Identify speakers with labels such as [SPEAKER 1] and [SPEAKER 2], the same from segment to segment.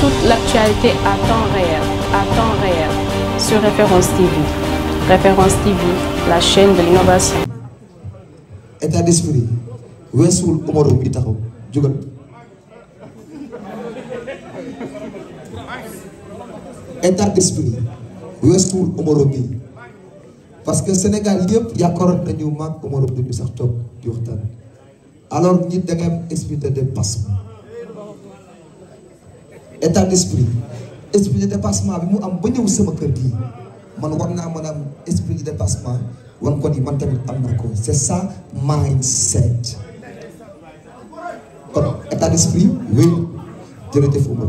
[SPEAKER 1] toute, l'actualité à temps réel, à temps réel, sur Référence TV. Référence TV, la chaîne de l'innovation. état d'esprit est-ce que vous êtes état d'esprit que vous bi parce que Sénégal yëpp y nañu maag Omaro bi de sax toog di alors nit da un esprit de dépassement état d'esprit esprit de dépassement bi mu am ba ñëw sama kër gi man war naa mën a am esprit de dépassement wan ko ni man tamit am na ko c'est ça mindset kon état d'esprit oui jërëjëf Oumar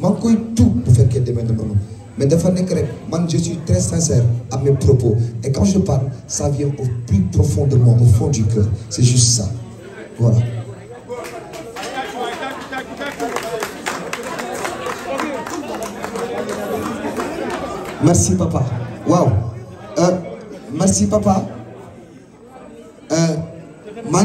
[SPEAKER 1] Manque tout tout tout pour faire demain. mais des fois, rek je suis très sincère à mes propos et quand je parle ça vient au plus profond de moi au fond du cœur c'est juste ça voilà. merci papa Waouh. Euh, merci papa euh, maa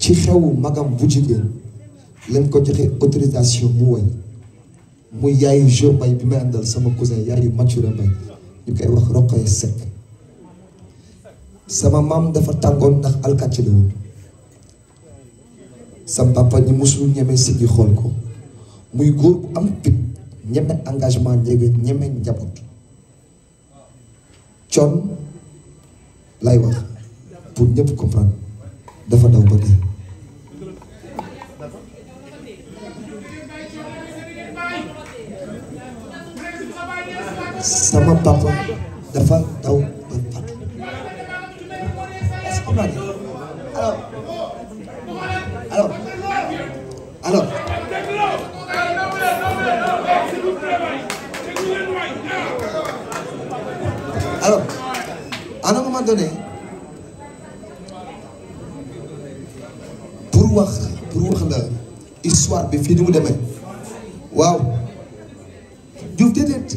[SPEAKER 1] ci xewu magam bu jigéen lañ ko joxe autorisation mu way muy yaayu jo mbay bi may àndal sama cousin yaayu mature mbay ñu koy wax roqoye sekk sama maam dafa tàngoon ndax alkati la woon sama papa ñu musul ñeme si di xool ko muy góor bu am pit ñeme engagement njege ñeme njaboot coon lay wax pour ñëpp comprendre dafa daw ba sama papa dafa daw ba faatu est-ce que comprendre alors alors alors alors à un moment donné pour wax pour la histoire bi fii ni mu demee waaw Diouf déedéet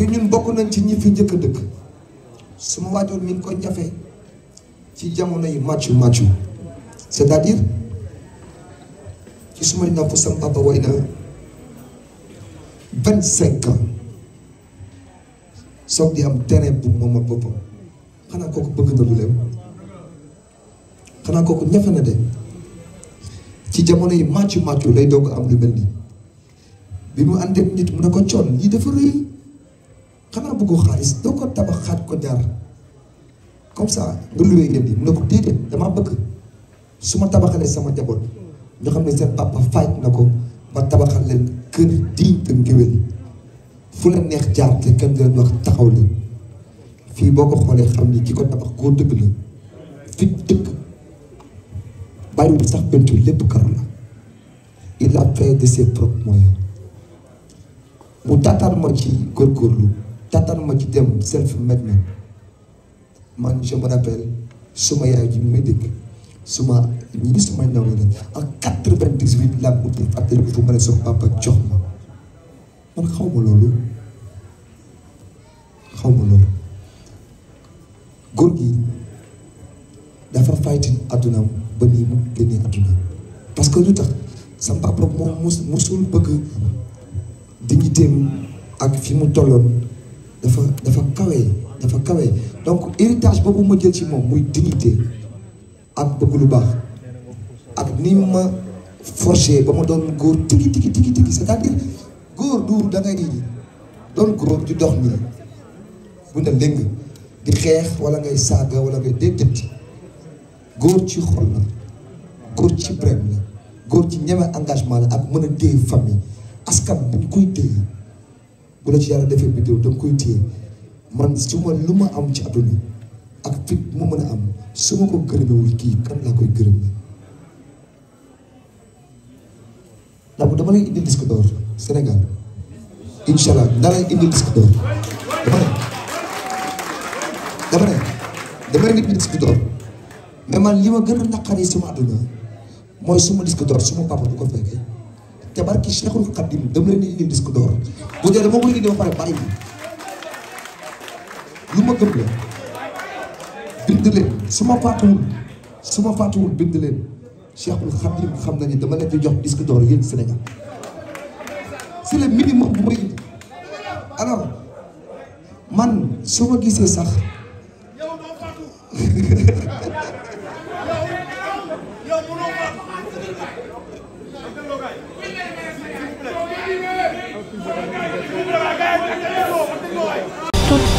[SPEAKER 1] fii ñun bokk nañ ci ñi fi jëkk a dëkk suma waajur mi ngi ko jafe ci jamono yi màccu màccu c'est-à-dire ci sumay nopp sama papa way na vingt cinq ans soog di am terrain bu boppam xanaa kooku bëgg na lu leew xanaa kooku ñafe na de ci jamono yi màccu màccu lay doog am lu mel bi mu ànd nit mu ne ko coon lii dafa rëy xanaa bëggu xaalis doo ko tabax xaaj ko jar comme ça nga luwee yëpp yi mu ne ko déedéet damaa bëgg su ma tabaxalee sama njaboot ñu xam ne seen papa faaj na ko ba tabaxal leen kër diñ te ngéwél fu la neex jaar te kenn du taxaw li fii boo ko xoolee xam ni ki ko tabax góor dëgg la fi dëkk bàyyiwul sax pentu lépp kar la il a fait de ses propres moyens mu taataan ma ci góorgóorlu taataan ma ci dem self made man man je me rappelle suma yaay ji muy dégg suma ñi suma ndaw la quatre-vingt-dix-huit laa ubbi fàttali ko fu ma ne sama papa ma man xaw ma loolu xaw ma loolu góor gi dafa fayti addunaam ba nii mu génnee parce que lu tax sama papa moom mus musul bëgg dignitéem ak fi mu tolloon dafa dafa kawe dafa kawe donc héritage boobu ma jël ci moom muy dignité ak bëgg lu baax ak ni ma forcé ba ma doon góor tigi tigi tigi tigi c'est-à-dire góor du da ngay doon góor di dox nii bu ne léng di xeex wala ngay saaga wala ngay déedéet góor ci xol la góor ci brem la góor ci ñeme engagement la ak mën a téye famille askan buñ koy téye bu la ci yàlla defee bidéo da koy téye man su lu ma am ci àdduna ak fit mu mën a am suma ko gërëmewul kii kan laa koy gërëm la ndax dama lay indi disque d'or Sénégal incha allah dara indi disque d'or dama ne dama mais man li ma gën a naqari sama àdduna mooy suma disque d'or suma papa du ko fekkee te barki Cheikhul Khadim dama leen di indi disque d'or bu dee dama ko indi ba pare bàyyi lu ma gëm la bind leen su ma fàttuwul su ma fàttuwul bind leen Cheikhul Khadim xam na ni dama leen di jox disque d'or yéen Sénégal c'est le minimum bu may indi alors man soo ma gisee sax.